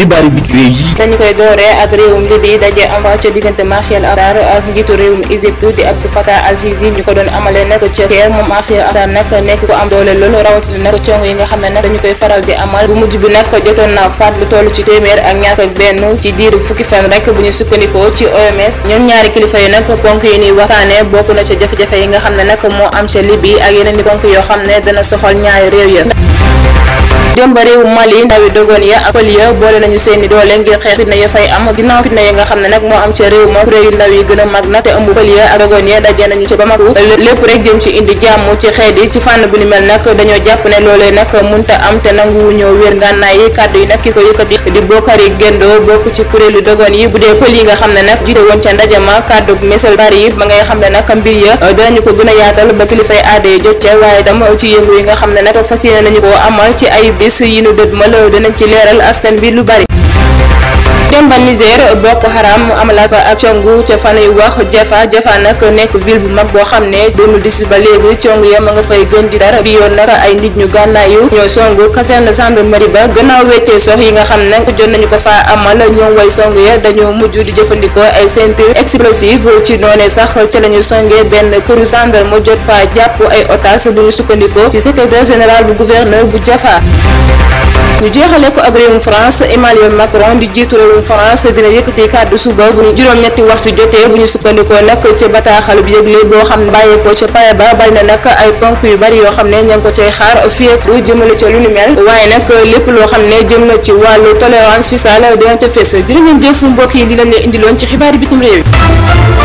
xibaaru biti réew yi dañu koy dooree ak réewum Libi daje am ca diggante Bachar Abdar ak njiitu réewum Égypte di Abdou Fattah al-Sisi ñu ko doon amale nag ca Caire moom Bachar Abdar nag nekk ko am doole loolu rawatina nag cong yi nga xam ne nag dañu koy faral di amal bu mujj bi nag jotoon na faat lu toll ci téeméer ak ñaar ak benn ci diiru fukki fan rek bu ñu sukkandikoo ci OMS ñoom ñaari kilifa yi nag ponk yi ñuy waxtaane bokk na ca jafe yi nga xam ne nag moo am Libi ak yeneen i ponk yoo xam ne dana soxal ñaari réew ya démb réew Mali ndawi dogoon ya ak pël ya boole nañu seeni doole ngir xeex fitna ya fay am ginnaaw fitna ya nga xam ne nag moo am ca réew ma a mag kuréelu dogoon yi bu dee pël yi nga xam ne nag jiite woon ca ndaje ma kàddu messal bari yi ngay xam ne nag mbir ya dinañu ko gën a yaatal ba kilifay aada jot ca waaye tam ci yëngu yi nga xam ne nag fas nañu ko amal ci ay bés yi nu dët mala dinañ ci leeral askan bi lu bari Demba Niger Boko Haram amalaat fa ak congu ca fanuy wax Jafa Jafa nag nekk ville bu mag boo xam ne 2010 ba léegi cong ya ma nga fay gën di dar bi yoon nag ay nit ñu gànnaayu ñoo song songu caserne gendarmerie ba gannaaw weccee sox yi nga xam ne jot nañu ko fa amal ñoom way song ya dañoo mujj di jëfandikoo ay ceinture explosive ci noone sax ca la songe benn këru gendarme mu jot faa jàpp ay otage bu sukkandikoo ci secrétaire général bu gouverneur bu Jafa ñu jeexale réewum France dina yëkkati kàddu suba bu juróom-ñetti waxtu jotee bu ñu sukkandikoo nag ci bataaxal bu yëgle boo xam ne bàyyeekoo ca pare ba bari na nag ay ponk yu bari yoo xam ne ña ngi ko cay xaar fii ak jëmale ca lu nu mel waaye nag lépp loo xam ne jëm na ci wàllu tolérance fiscale dina ca fës jërë ngeen jëf mbokk yi li leen indiloon ci xibaari bitim réew yi